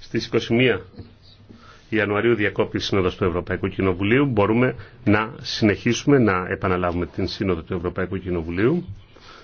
Στις 21 Ιανουαρίου διακόπη η Σύνοδος του Ευρωπαϊκού Κοινοβουλίου. Μπορούμε να συνεχίσουμε να επαναλάβουμε την Σύνοδο του Ευρωπαϊκού Κοινοβουλίου.